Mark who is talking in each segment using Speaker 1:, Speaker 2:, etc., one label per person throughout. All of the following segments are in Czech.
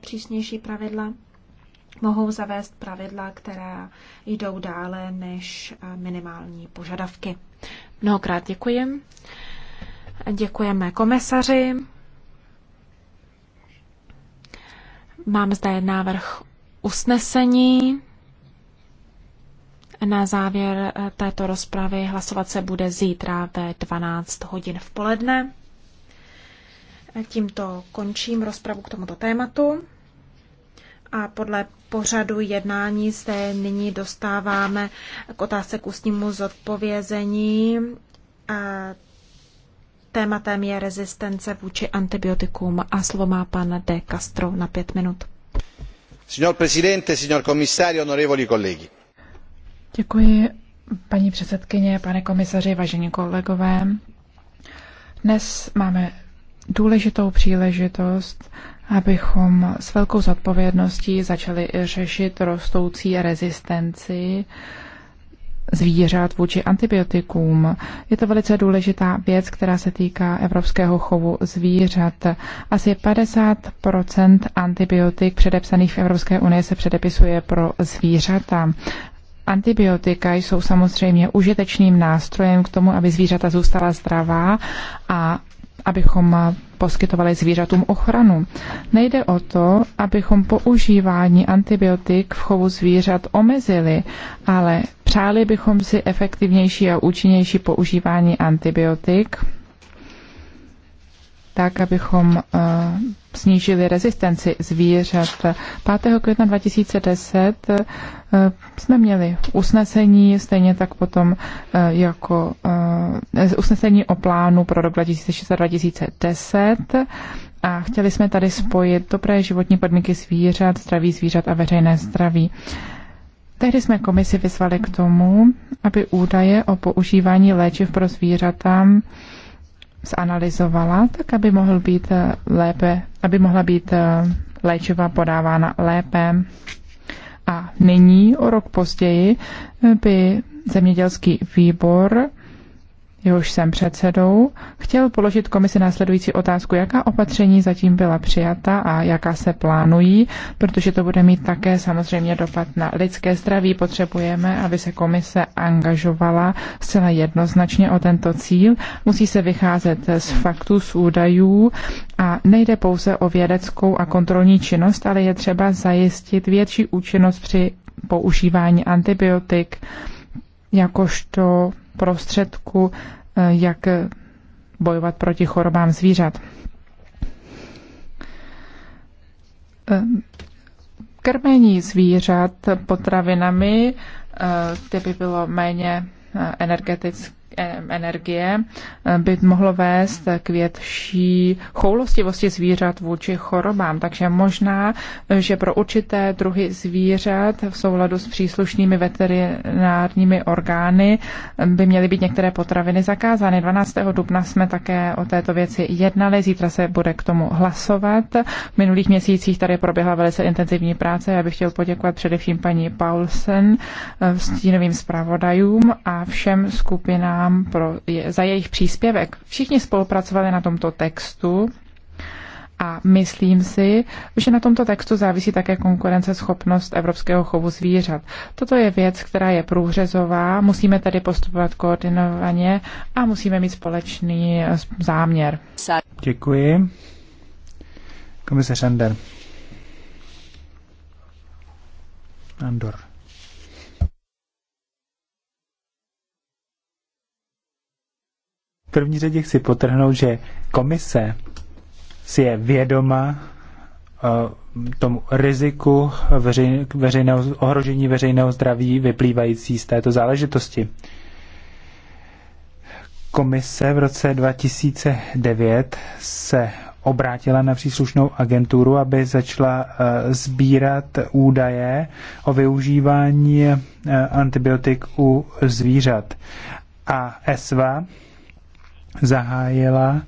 Speaker 1: přísnější pravidla, mohou zavést pravidla, která jdou dále než eh, minimální požadavky. Mnohokrát děkuji. Děkujeme komisaři. Mám zde návrh usnesení. Na závěr eh, této rozpravy hlasovat se bude zítra ve 12 hodin v poledne. Tímto končím rozpravu k tomuto tématu. A podle pořadu jednání se nyní dostáváme k otázce k ústnímu zodpovězení. Tématem je rezistence vůči antibiotikům a slovo má pan De Castro na pět minut.
Speaker 2: Signor Presidente, signor Commissario, onorevoli colleghi.
Speaker 3: Děkuji, paní předsedkyně, pane komisaři, vážení kolegové. Dnes máme důležitou příležitost, abychom s velkou zodpovědností začali řešit rostoucí rezistenci zvířat vůči antibiotikům. Je to velice důležitá věc, která se týká evropského chovu zvířat. Asi 50 antibiotik předepsaných v Evropské unii se předepisuje pro zvířata. Antibiotika jsou samozřejmě užitečným nástrojem k tomu, aby zvířata zůstala zdravá a abychom poskytovali zvířatům ochranu. Nejde o to, abychom používání antibiotik v chovu zvířat omezili, ale přáli bychom si efektivnější a účinnější používání antibiotik, tak abychom snížili rezistenci zvířat. 5. května 2010 eh, jsme měli usnesení, stejně tak potom eh, jako eh, usnesení o plánu pro rok 2006-2010 a chtěli jsme tady spojit dobré životní podmínky zvířat, zdraví zvířat a veřejné zdraví. Tehdy jsme komisi vyzvali k tomu, aby údaje o používání léčiv pro zvířata zanalizovala, tak aby, mohl být eh, lépe, aby mohla být eh, léčiva podávána lépe. A nyní, o rok později, eh, by zemědělský výbor jehož jsem předsedou, chtěl položit komisi následující otázku, jaká opatření zatím byla přijata a jaká se plánují, protože to bude mít také samozřejmě dopad na lidské zdraví. Potřebujeme, aby se komise angažovala zcela jednoznačně o tento cíl. Musí se vycházet z faktů, z údajů a nejde pouze o vědeckou a kontrolní činnost, ale je třeba zajistit větší účinnost při používání antibiotik jakožto prostředku, eh, jak bojovat proti chorobám zvířat. Ehm, krmení zvířat potravinami, eh, ty by bylo méně eh, energetické Eh, energie eh, by mohlo vést k větší choulostivosti zvířat vůči chorobám. Takže možná, eh, že pro určité druhy zvířat v souladu s příslušnými veterinárními orgány by měly být některé potraviny zakázány. 12. dubna jsme také o této věci jednali, zítra se bude k tomu hlasovat. V minulých měsících tady proběhla velice intenzivní práce. Já bych chtěl poděkovat především paní Paulsen, stínovým zpravodajům a všem skupinám vám pro, je, za jejich příspěvek. Všichni spolupracovali na tomto textu a myslím si, že na tomto textu závisí také konkurenceschopnost evropského chovu zvířat. Toto je věc, která je průřezová, musíme tedy postupovat koordinovaně a musíme mít společný eh, záměr.
Speaker 2: Děkuji. Komise Ander. Andor. první řadě chci potrhnout, že komise si je vědoma eh, tomu riziku veřej, veřejného, ohrožení veřejného zdraví vyplývající z této záležitosti. Komise v roce 2009 se obrátila na příslušnou agenturu, aby začala eh, sbírat údaje o využívání eh, antibiotik u zvířat. A ESVA zahájila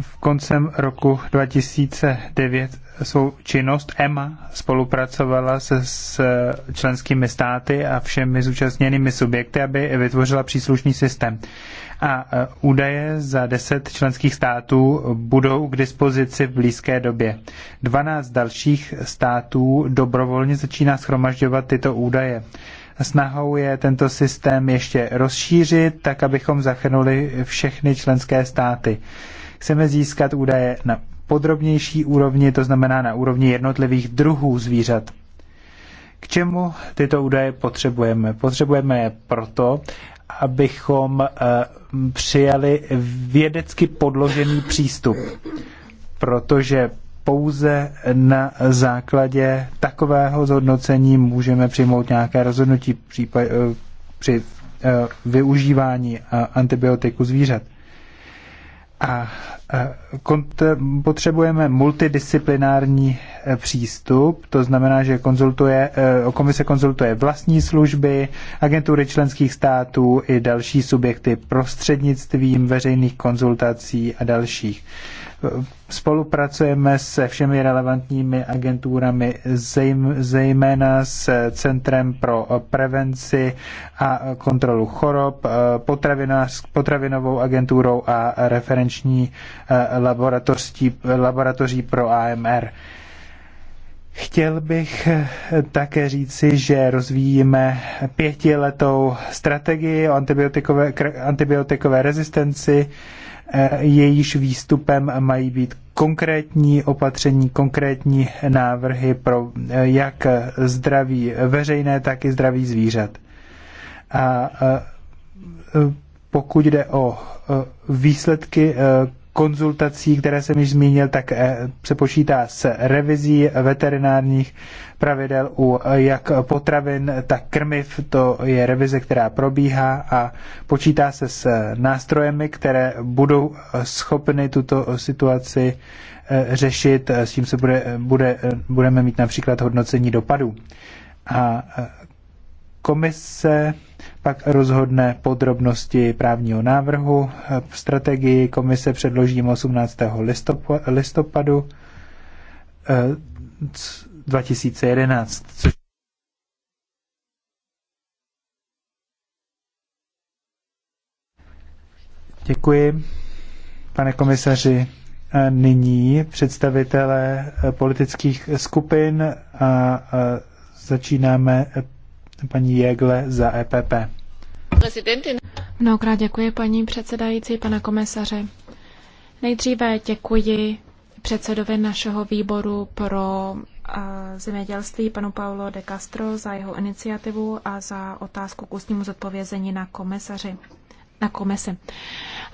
Speaker 2: v koncem roku 2009 svou činnost. EMA spolupracovala se s členskými státy a všemi zúčastněnými subjekty, aby vytvořila příslušný systém. A e, údaje za 10 členských států budou k dispozici v blízké době. 12 dalších států dobrovolně začíná schromažďovat tyto údaje. Snahou je tento systém ještě rozšířit, tak abychom zachrnuli všechny členské státy. Chceme získat údaje na podrobnější úrovni, to znamená na úrovni jednotlivých druhů zvířat. K čemu tyto údaje potřebujeme? Potřebujeme je proto, abychom eh, přijali vědecky podložený přístup, protože pouze na základě takového zhodnocení můžeme přijmout nějaké rozhodnutí případ, eh, při eh, využívání eh, antibiotiku zvířat. A potřebujeme multidisciplinární Eh, přístup, to znamená, že konzultuje, eh, komise konzultuje vlastní služby, agentury členských států i další subjekty prostřednictvím veřejných konzultací a dalších. Eh, spolupracujeme se všemi relevantními agenturami, zejména s Centrem pro prevenci a kontrolu chorob, potravinovou agenturou a referenční laboratoří pro AMR. Chtěl bych eh, také říci, že rozvíjíme pětiletou strategii o antibiotikové, antibiotikové rezistenci. Eh, jejíž výstupem mají být konkrétní opatření, konkrétní návrhy pro eh, jak zdraví veřejné, tak i zdraví zvířat. A pokud jde o výsledky konzultací, které jsem již zmínil, tak se eh, počítá s revizí veterinárních pravidel u eh, jak potravin, tak krmiv. To je revize, která probíhá a počítá se s eh, nástrojemi, které budou schopny tuto situaci řešit. S tím se bude, bude, budeme mít například hodnocení dopadů. A komise pak rozhodne podrobnosti právního návrhu. strategii komise předložím 18. listopadu 2011, eh, Děkuji, pane komisaři. Nyní představitelé politických skupin a začínáme paní Jegle za EPP.
Speaker 1: Mnohokrát děkuji paní předsedající, pana komisaře. Nejdříve děkuji předsedovi našeho výboru pro zemědělství panu Paulo de Castro za jeho iniciativu a za otázku k ústnímu zodpovězení na komisaři. Na komisi.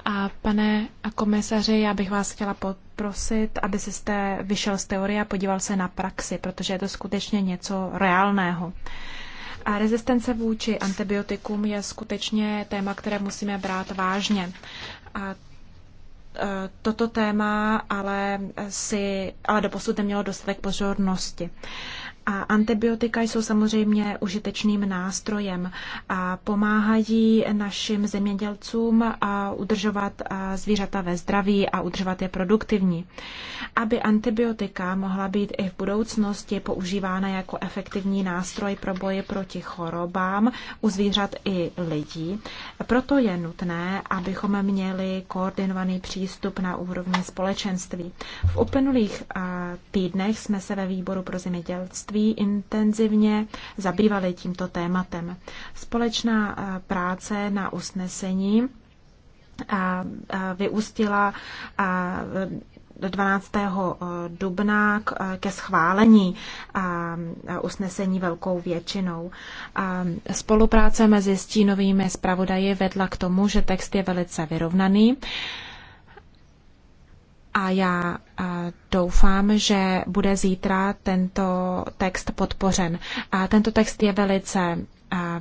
Speaker 1: A pane komisaři, já bych vás chtěla poprosit, aby si jste vyšel z teorie a podíval se na praxi, protože je to skutečně něco reálného. Uh, a rezistence vůči antibiotikům je skutečně téma, které musíme brát vážně. A e, toto téma ale si ale doposud nemělo dostatek pozornosti. A antibiotika jsou samozřejmě užitečným nástrojem. A pomáhají našim zemědělcům a udržovat zvířata ve zdraví a udržovat je produktivní. Aby antibiotika mohla být i v budoucnosti používána jako efektivní nástroj pro boje proti chorobám u zvířat i lidí, proto je nutné, abychom měli koordinovaný přístup na úrovni společenství. V uplynulých týdnech jsme se ve výboru pro zemědělství dětství intenzivně zabývali tímto tématem. Společná eh, práce na usnesení eh, eh, vyústila 12. dubna ke schválení usnesení velkou většinou. Spolupráce mezi stínovými zpravodaji vedla k tomu, že text je velice vyrovnaný a já doufám, že bude zítra tento text podpořen. A tento text je velice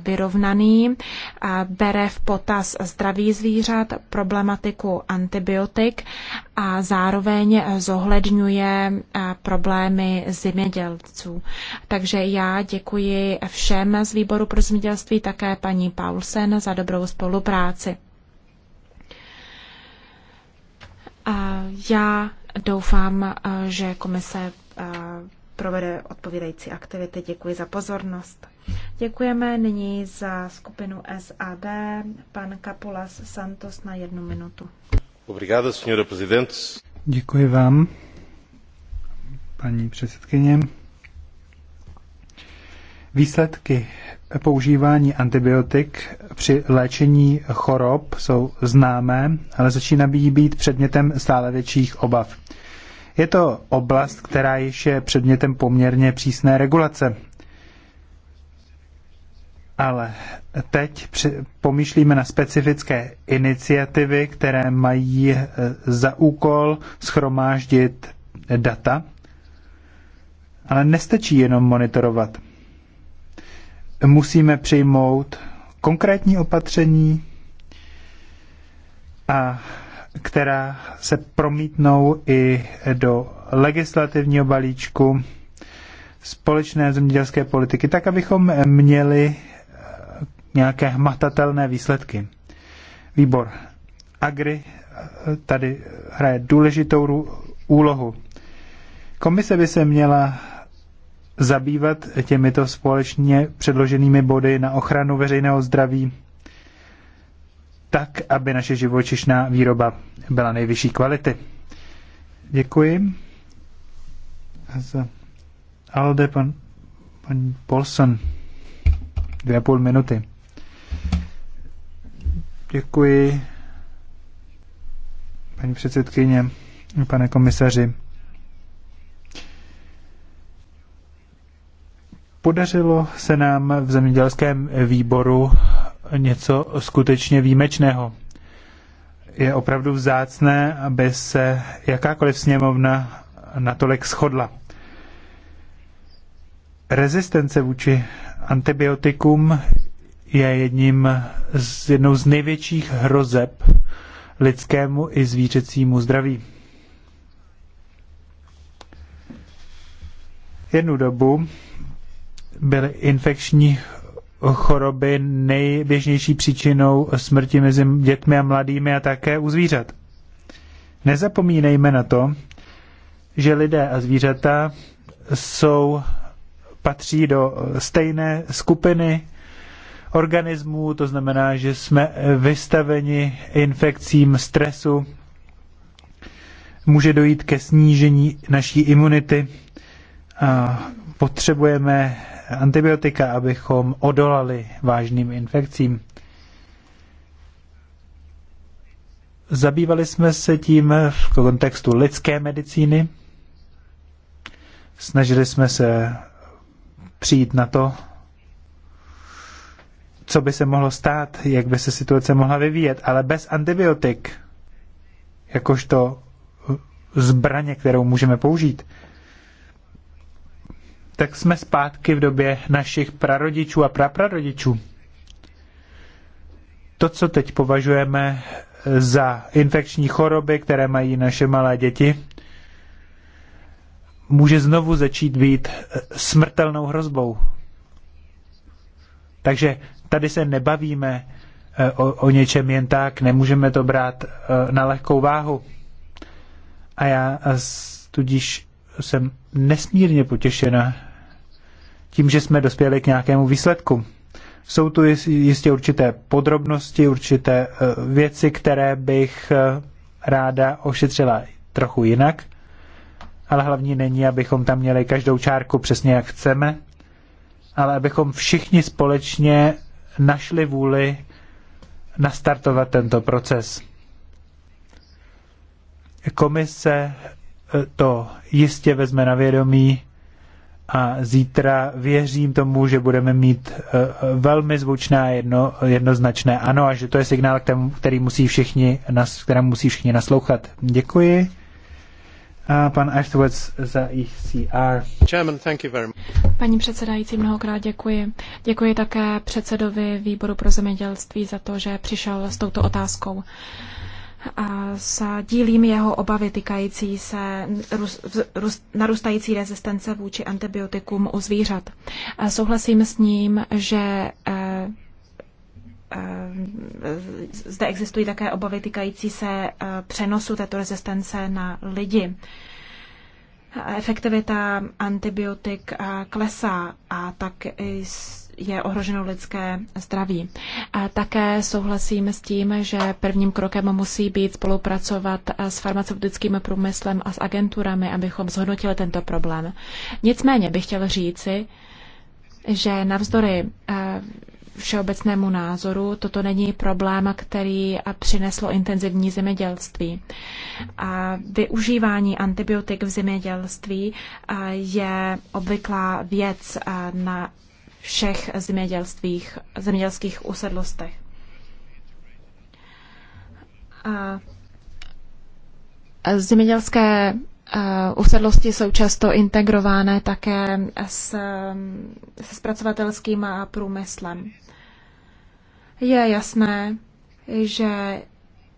Speaker 1: vyrovnaný, bere v potaz zdraví zvířat, problematiku antibiotik a zároveň zohledňuje problémy zemědělců. Takže já děkuji všem z výboru pro zemědělství, také paní Paulsen za dobrou spolupráci. Já doufám, eh, že komise eh, provede odpovídající aktivity. Děkuji za pozornost. Děkujeme nyní za skupinu SAD. Pan Kapulas Santos na jednu minutu.
Speaker 2: Obrigado, presidente. Děkuji vám, paní předsedkyně. Výsledky používání antibiotik při léčení chorob jsou známé, ale začíná být předmětem stále větších obav. Je to oblast, která již je předmětem poměrně přísné regulace. Ale teď při pomýšlíme na specifické iniciativy, které mají eh, za úkol schromáždit data, ale nestačí jenom monitorovat – musíme přijmout konkrétní opatření, a která se promítnou i do legislativního balíčku společné zemědělské politiky, tak abychom měli eh, nějaké hmatatelné výsledky. Výbor Agri eh, tady hraje důležitou úlohu. Komise by se měla zabývat těmito společně předloženými body na ochranu veřejného zdraví, tak, aby naše živočišná výroba byla nejvyšší kvality. Děkuji. za Alde, pan, pan Polson, dvě a půl minuty. Děkuji, paní předsedkyně, pane komisaři. Podařilo se nám v zemědělském výboru něco skutečně výjimečného. Je opravdu vzácné, aby se jakákoliv sněmovna natolik shodla. Rezistence vůči antibiotikum je jedním z, jednou z největších hrozeb lidskému i zvířecímu zdraví. Jednu dobu byly infekční choroby nejběžnější příčinou smrti mezi dětmi a mladými a také u zvířat. Nezapomínejme na to, že lidé a zvířata jsou, patří do stejné skupiny organismů, to znamená, že jsme vystaveni infekcím stresu, může dojít ke snížení naší imunity a potřebujeme antibiotika, abychom odolali vážným infekcím. Zabývali jsme se tím v kontextu lidské medicíny. Snažili jsme se přijít na to, co by se mohlo stát, jak by se situace mohla vyvíjet, ale bez antibiotik, jakožto zbraně, kterou můžeme použít, tak jsme zpátky v době našich prarodičů a praprarodičů. To, co teď považujeme za infekční choroby, které mají naše malé děti, může znovu začít být smrtelnou hrozbou. Takže tady se nebavíme eh, o, o něčem jen tak, nemůžeme to brát eh, na lehkou váhu. A já tudíž jsem nesmírně potěšena tím, že jsme dospěli k nějakému výsledku. Jsou tu jistě určité podrobnosti, určité eh, věci, které bych eh, ráda ošetřila trochu jinak, ale hlavní není, abychom tam měli každou čárku přesně jak chceme, ale abychom všichni společně našli vůli nastartovat tento proces. Komise eh, to jistě vezme na vědomí a zítra věřím tomu, že budeme mít e, e, velmi zvučné jedno, jednoznačné ano a že to je signál, který musí všichni, kterému musí všichni naslouchat. Děkuji. A pan Ashworth za ECR. Chairman, thank you very much.
Speaker 1: Paní předsedající, mnohokrát děkuji. Děkuji také předsedovi výboru pro zemědělství za to, že přišel s touto otázkou. Uh, sdílím jeho obavy týkající se narůstající rezistence vůči antibiotikům u zvířat. Souhlasím s ním, že eh, eh, zde existují také obavy týkající se eh, přenosu této rezistence na lidi efektivita antibiotik klesá a tak je ohroženo lidské zdraví. A také souhlasím s tím, že prvním krokem musí být spolupracovat s farmaceutickým průmyslem a s agenturami, abychom zhodnotili tento problém. Nicméně bych chtěl říci, že navzdory všeobecnému názoru toto není problém, který přineslo intenzivní zemědělství. A využívání antibiotik v zemědělství je obvyklá věc na všech zemědělstvích, zemědělských usedlostech. A zemědělské Uh, usedlosti jsou často integrované také s, um, se zpracovatelským uh, průmyslem. Je jasné, že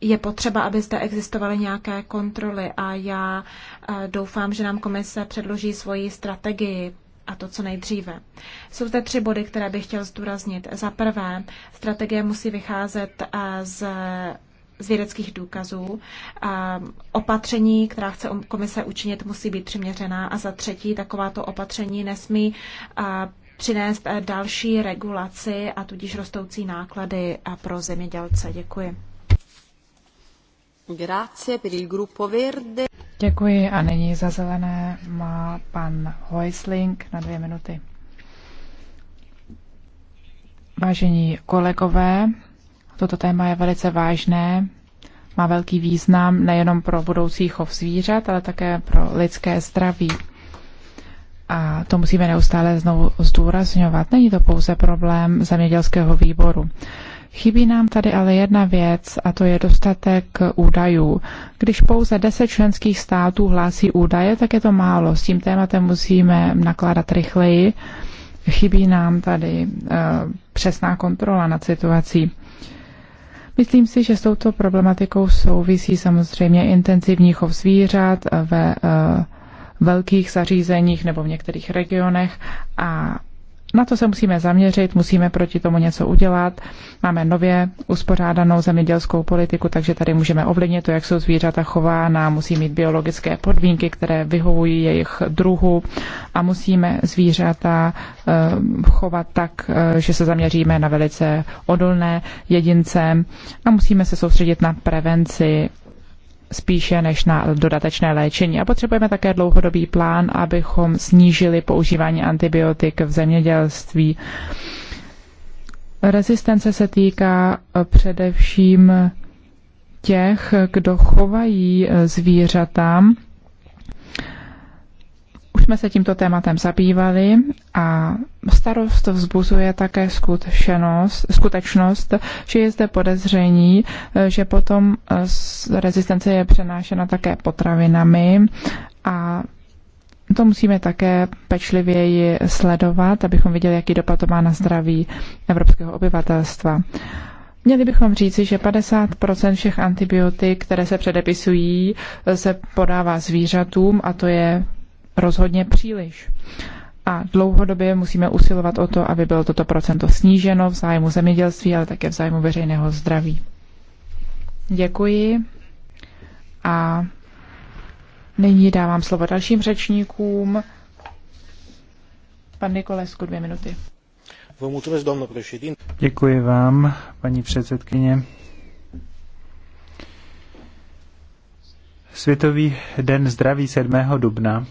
Speaker 1: je potřeba, aby zde existovaly nějaké kontroly a já uh, doufám, že nám komise předloží svoji strategii a to co nejdříve. Jsou zde tři body, které bych chtěl zdůraznit. Za prvé, strategie musí vycházet z z vědeckých důkazů. Opatření, která chce um, komise učinit, musí být přiměřená. A za třetí, takováto opatření nesmí přinést eh, další regulaci a tudíž rostoucí náklady pro zemědělce. Děkuji. Grazie per il gruppo verde.
Speaker 3: Děkuji a nyní za zelené má pan Hoisling na dvě minuty. Vážení kolegové, Toto téma je velice vážné, má velký význam nejenom pro budoucí chov zvířat, ale také pro lidské zdraví. A to musíme neustále znovu zdůrazňovat. Není to pouze problém zemědělského výboru. Chybí nám tady ale jedna věc, a to je dostatek údajů. Když pouze 10 členských států hlásí údaje, tak je to málo. S tím tématem musíme nakládat rychleji. Chybí nám tady uh, přesná kontrola nad situací. Myslím si, že s touto problematikou souvisí samozřejmě intenzivní chov zvířat ve eh, velkých zařízeních nebo v některých regionech a na to se musíme zaměřit, musíme proti tomu něco udělat. Máme nově uspořádanou zemědělskou politiku, takže tady můžeme ovlivnit to, jak jsou zvířata chována, musí mít biologické podmínky, které vyhovují jejich druhu a musíme zvířata eh, chovat tak, eh, že se zaměříme na velice odolné jedince a musíme se soustředit na prevenci spíše než na dodatečné léčení. A potřebujeme také dlouhodobý plán, abychom snížili používání antibiotik v zemědělství. Rezistence se týká eh, především těch, kdo chovají eh, zvířata už jsme se tímto tématem zabývali a starost vzbuzuje také skutečnost, že je zde podezření, že potom eh, rezistence je přenášena také potravinami a to musíme také pečlivěji sledovat, abychom viděli, jaký dopad to má na zdraví evropského obyvatelstva. Měli bychom říci, že 50% všech antibiotik, které se předepisují, se podává zvířatům a to je rozhodně příliš. A dlouhodobě musíme usilovat o to, aby bylo toto procento sníženo v zájmu zemědělství, ale také v zájmu veřejného zdraví. Děkuji. A nyní dávám slovo dalším řečníkům. Pan Nikolesku, dvě minuty.
Speaker 2: Děkuji vám, paní předsedkyně. Světový den zdraví 7. dubna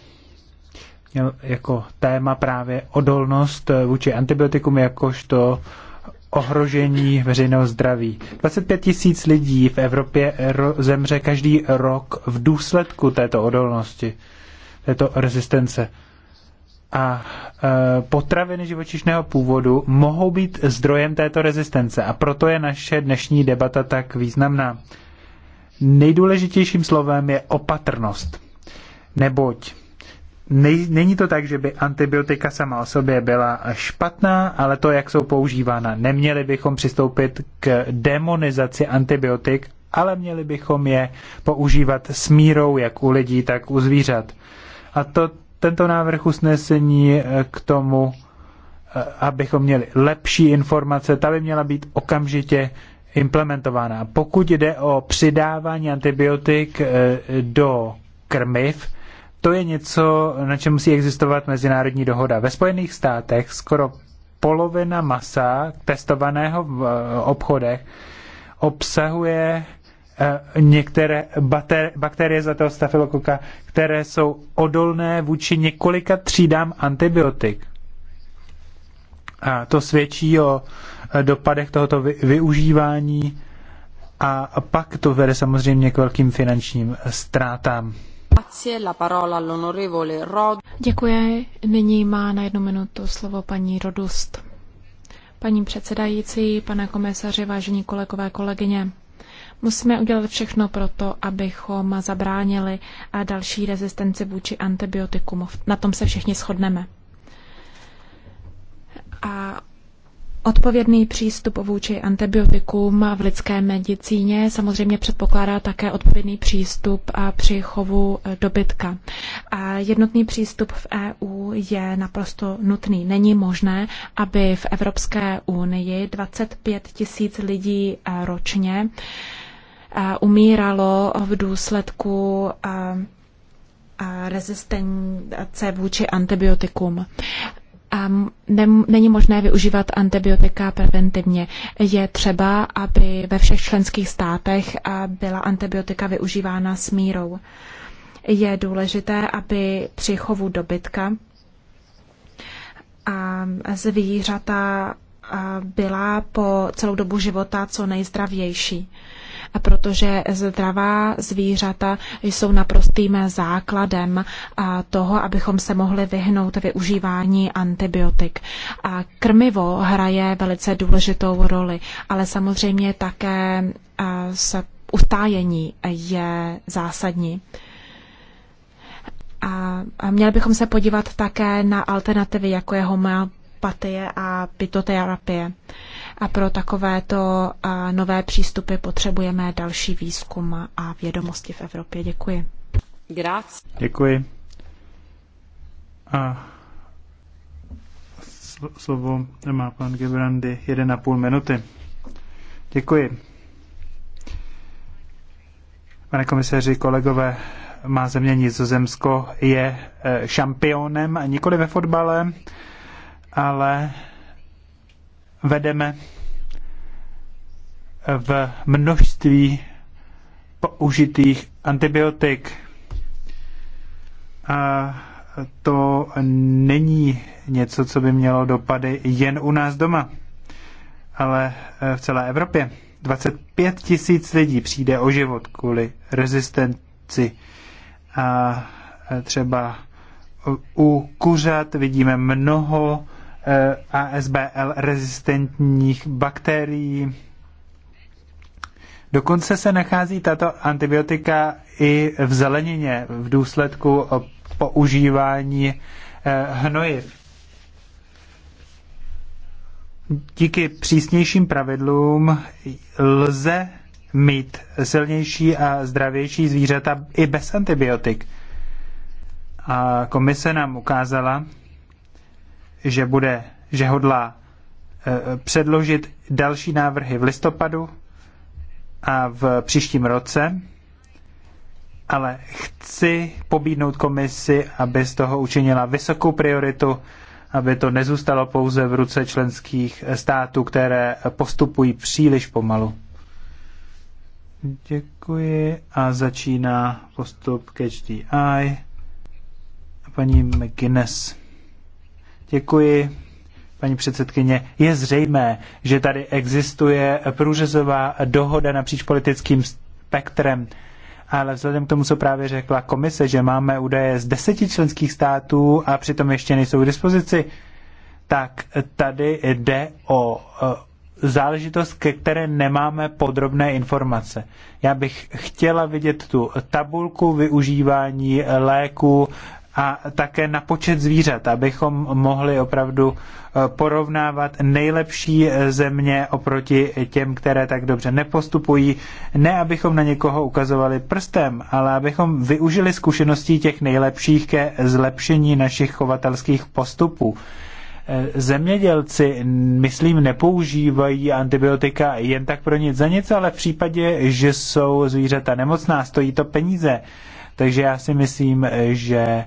Speaker 2: měl jako téma právě odolnost eh, vůči antibiotikum jakožto ohrožení veřejného zdraví. 25 tisíc lidí v Evropě zemře každý rok v důsledku této odolnosti, této rezistence. A e, potraviny živočišného původu mohou být zdrojem této rezistence a proto je naše dnešní debata tak významná. Nejdůležitějším slovem je opatrnost, neboť není to tak, že by antibiotika sama o sobě byla špatná, ale to, jak jsou používána. Neměli bychom přistoupit k demonizaci antibiotik, ale měli bychom je používat s mírou, jak u lidí, tak u zvířat. A to, tento návrh usnesení eh, k tomu, eh, abychom měli lepší informace, ta by měla být okamžitě implementována. Pokud jde o přidávání antibiotik eh, do krmiv, to je něco, na čem musí existovat mezinárodní dohoda. Ve Spojených státech skoro polovina masa testovaného v eh, obchodech obsahuje eh, některé bakterie za toho stafilokoka, které jsou odolné vůči několika třídám antibiotik. A to svědčí o eh, dopadech tohoto využívání a pak to vede samozřejmě k velkým finančním ztrátám.
Speaker 1: Děkuji. Nyní má na jednu minutu slovo paní Rodust. Paní předsedající, pane komisaři, vážení kolegové, kolegyně, musíme udělat všechno pro to, abychom zabránili další rezistenci vůči antibiotikům. Na tom se všichni shodneme. A Odpovědný přístup vůči antibiotikům v lidské medicíně samozřejmě předpokládá také odpovědný přístup a při chovu e, dobytka. A jednotný přístup v EU je naprosto nutný. Není možné, aby v Evropské unii 25 tisíc lidí e, ročně e, umíralo v důsledku rezistence vůči antibiotikům není možné využívat antibiotika preventivně. Je třeba, aby ve všech členských státech byla antibiotika využívána s mírou. Je důležité, aby při chovu dobytka a zvířata byla po celou dobu života co nejzdravější protože zdravá zvířata jsou naprostým základem toho, abychom se mohli vyhnout využívání antibiotik. A krmivo hraje velice důležitou roli, ale samozřejmě také se utájení je zásadní. A, měli bychom se podívat také na alternativy, jako je homeopatie a pitoterapie. A pro takovéto nové přístupy potřebujeme další výzkum a vědomosti v Evropě. Děkuji.
Speaker 3: Grazie.
Speaker 2: Děkuji. A slovo má pan Gebrandy 1,5 minuty. Děkuji. Pane komisaři, kolegové, má země Nizozemsko je e, šampionem, nikoli ve fotbale, ale vedeme v množství použitých antibiotik. A to není něco, co by mělo dopady jen u nás doma, ale v celé Evropě. 25 tisíc lidí přijde o život kvůli rezistenci. A třeba u kuřat vidíme mnoho Eh, ASBL rezistentních bakterií. Dokonce se nachází tato antibiotika i v zelenině v důsledku používání eh, hnojiv. Díky přísnějším pravidlům lze mít silnější a zdravější zvířata i bez antibiotik. A komise nám ukázala, že bude, že hodlá e, předložit další návrhy v listopadu a v příštím roce, ale chci pobídnout komisi, aby z toho učinila vysokou prioritu, aby to nezůstalo pouze v ruce členských států, které postupují příliš pomalu. Děkuji a začíná postup Catch Paní McGuinness. Děkuji, paní předsedkyně. Je zřejmé, že tady existuje průřezová dohoda napříč politickým spektrem, ale vzhledem k tomu, co právě řekla komise, že máme údaje z deseti členských států a přitom ještě nejsou k dispozici, tak tady jde o záležitost, ke které nemáme podrobné informace. Já bych chtěla vidět tu tabulku využívání léku a také na počet zvířat, abychom mohli opravdu eh, porovnávat nejlepší eh, země oproti těm, které tak dobře nepostupují. Ne, abychom na někoho ukazovali prstem, ale abychom využili zkušeností těch nejlepších ke zlepšení našich chovatelských postupů. Eh, zemědělci, myslím, nepoužívají antibiotika jen tak pro nic za nic, ale v případě, že jsou zvířata nemocná, stojí to peníze takže já si myslím, že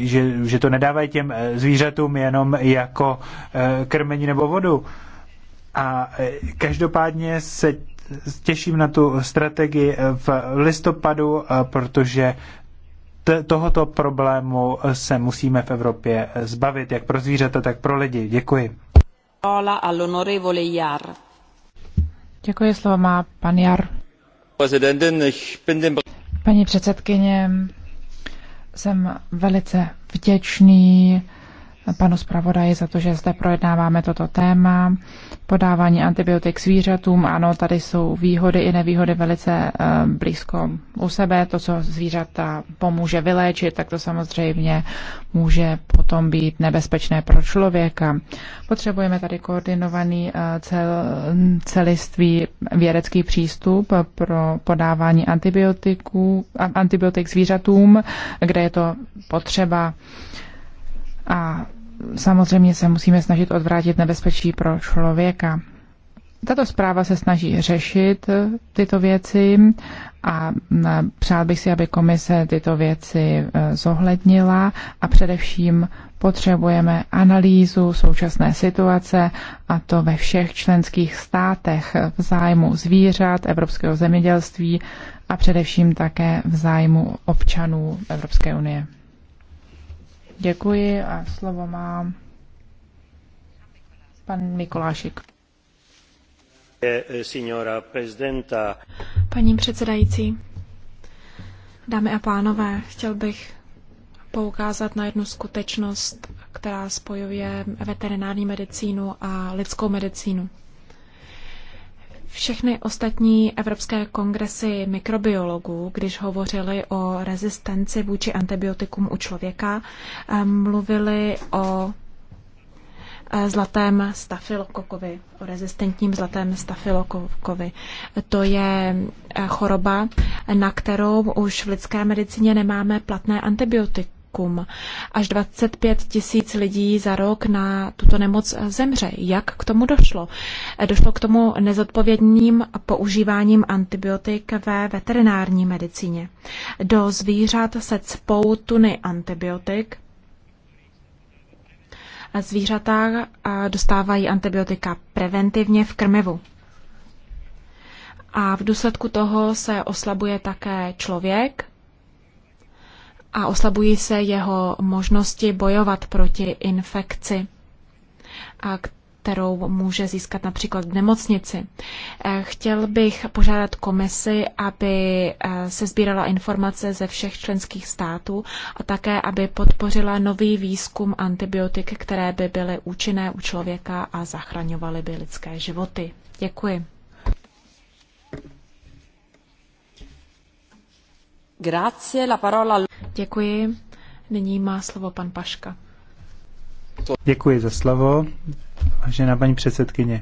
Speaker 2: že, že to nedávají těm zvířatům jenom jako eh, krmení nebo vodu. A eh, každopádně se těším na tu strategii v listopadu, eh, protože tohoto problému se musíme v Evropě zbavit, jak pro zvířata, tak pro lidi. Děkuji.
Speaker 3: Děkuji, slovo má pan Jar. Paní předsedkyně, jsem velice vděčný panu zpravodaji za to, že zde projednáváme toto téma. Podávání antibiotik zvířatům, ano, tady jsou výhody i nevýhody velice eh, blízko u sebe. To, co zvířata pomůže vyléčit, tak to samozřejmě může potom být nebezpečné pro člověka. Potřebujeme tady koordinovaný eh, cel, celistvý vědecký přístup pro podávání antibiotiků, antibiotik zvířatům, kde je to potřeba. A samozřejmě se musíme snažit odvrátit nebezpečí pro člověka. Tato zpráva se snaží řešit tyto věci a přál bych si, aby komise tyto věci e, zohlednila a především potřebujeme analýzu současné situace a to ve všech členských státech v zájmu zvířat, evropského zemědělství a především také v zájmu občanů Evropské unie. Děkuji a slovo má pan Mikolášik.
Speaker 2: Eh, eh,
Speaker 1: Paní předsedající, dámy a pánové, chtěl bych poukázat na jednu skutečnost, která spojuje veterinární medicínu a lidskou medicínu. Všechny ostatní evropské kongresy mikrobiologů, když hovořili o rezistenci vůči antibiotikům u člověka, eh, mluvili o eh, zlatém stafilokokovi, o rezistentním zlatém stafilokokovi. To je eh, choroba, na kterou už v lidské medicíně nemáme platné antibiotiky tlakům. Až 25 tisíc lidí za rok na tuto nemoc zemře. Jak k tomu došlo? Došlo k tomu nezodpovědným používáním antibiotik ve veterinární medicíně. Do zvířat se cpou tuny antibiotik, zvířata dostávají antibiotika preventivně v krmivu. A v důsledku toho se oslabuje také člověk a oslabují se jeho možnosti bojovat proti infekci, a kterou může získat například v nemocnici. Eh, chtěl bych požádat komisi, aby eh, se sbírala informace ze všech členských států a také, aby podpořila nový výzkum antibiotik, které by byly účinné u člověka a zachraňovaly by lidské životy. Děkuji. Grazie, la parola... Děkuji. Nyní má slovo pan Paška.
Speaker 2: Děkuji za slovo, vážená paní předsedkyně.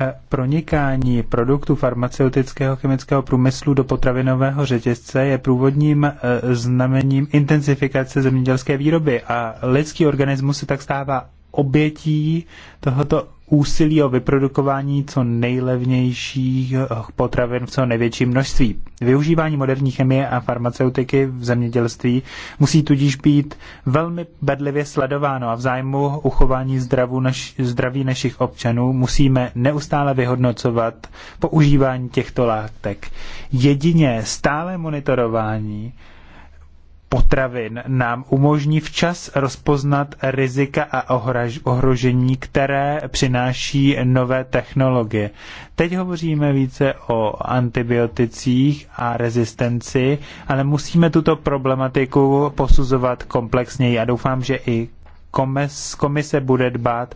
Speaker 2: E, pronikání produktů farmaceutického chemického průmyslu do potravinového řetězce je průvodním e, znamením intenzifikace zemědělské výroby a lidský organismus se tak stává obětí tohoto úsilí o vyprodukování co nejlevnějších eh, potravin v co největším množství. Využívání moderní chemie a farmaceutiky v zemědělství musí tudíž být velmi bedlivě sledováno a v zájmu uchování zdravu naš, zdraví našich občanů musíme neustále vyhodnocovat používání těchto látek. Jedině stále monitorování potravin nám umožní včas rozpoznat rizika a ohrožení, které přináší nové technologie. Teď hovoříme více o antibioticích a rezistenci, ale musíme tuto problematiku posuzovat komplexněji a doufám, že i komise bude dbát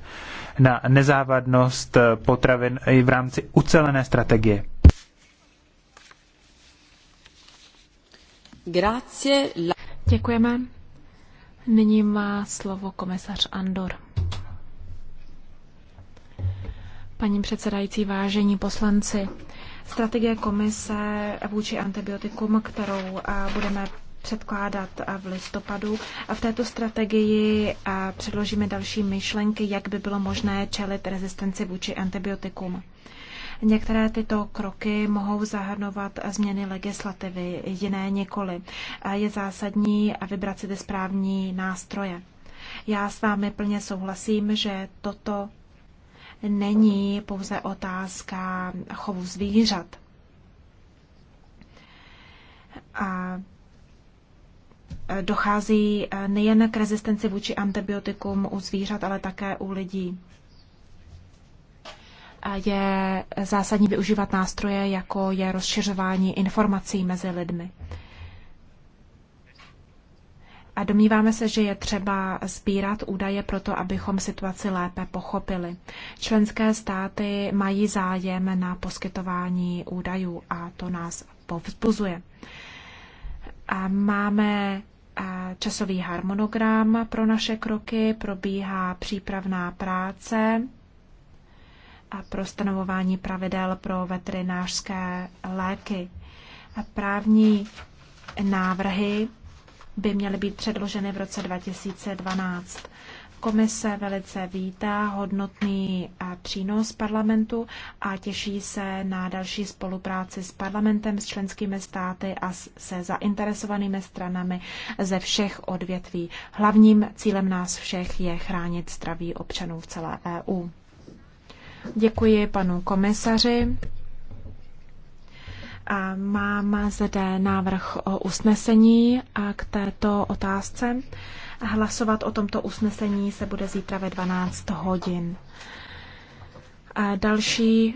Speaker 2: na nezávadnost potravin i v rámci ucelené strategie.
Speaker 1: Grazie. Děkujeme. Nyní má slovo komisař Andor. Paní předsedající, vážení poslanci, strategie komise vůči antibiotikum, kterou eh, budeme předkládat eh, v listopadu. A v této strategii eh, předložíme další myšlenky, jak by bylo možné čelit rezistenci vůči antibiotikum. Některé tyto kroky mohou zahrnovat změny legislativy, jiné nikoli. Je zásadní vybrat si ty správní nástroje. Já s vámi plně souhlasím, že toto není pouze otázka chovu zvířat. A dochází nejen k rezistenci vůči antibiotikům u zvířat, ale také u lidí je zásadní využívat nástroje, jako je rozšiřování informací mezi lidmi. A domníváme se, že je třeba sbírat údaje pro to, abychom situaci lépe pochopili. Členské státy mají zájem na poskytování údajů a to nás povzbuzuje. A máme časový harmonogram pro naše kroky, probíhá přípravná práce pro stanovování pravidel pro veterinářské léky. Právní návrhy by měly být předloženy v roce 2012. Komise velice vítá hodnotný přínos parlamentu a těší se na další spolupráci s parlamentem, s členskými státy a se zainteresovanými stranami ze všech odvětví. Hlavním cílem nás všech je chránit zdraví občanů v celé EU. Děkuji panu komisaři. A mám zde návrh o usnesení a k této otázce. Hlasovat o tomto usnesení se bude zítra ve 12 hodin. A další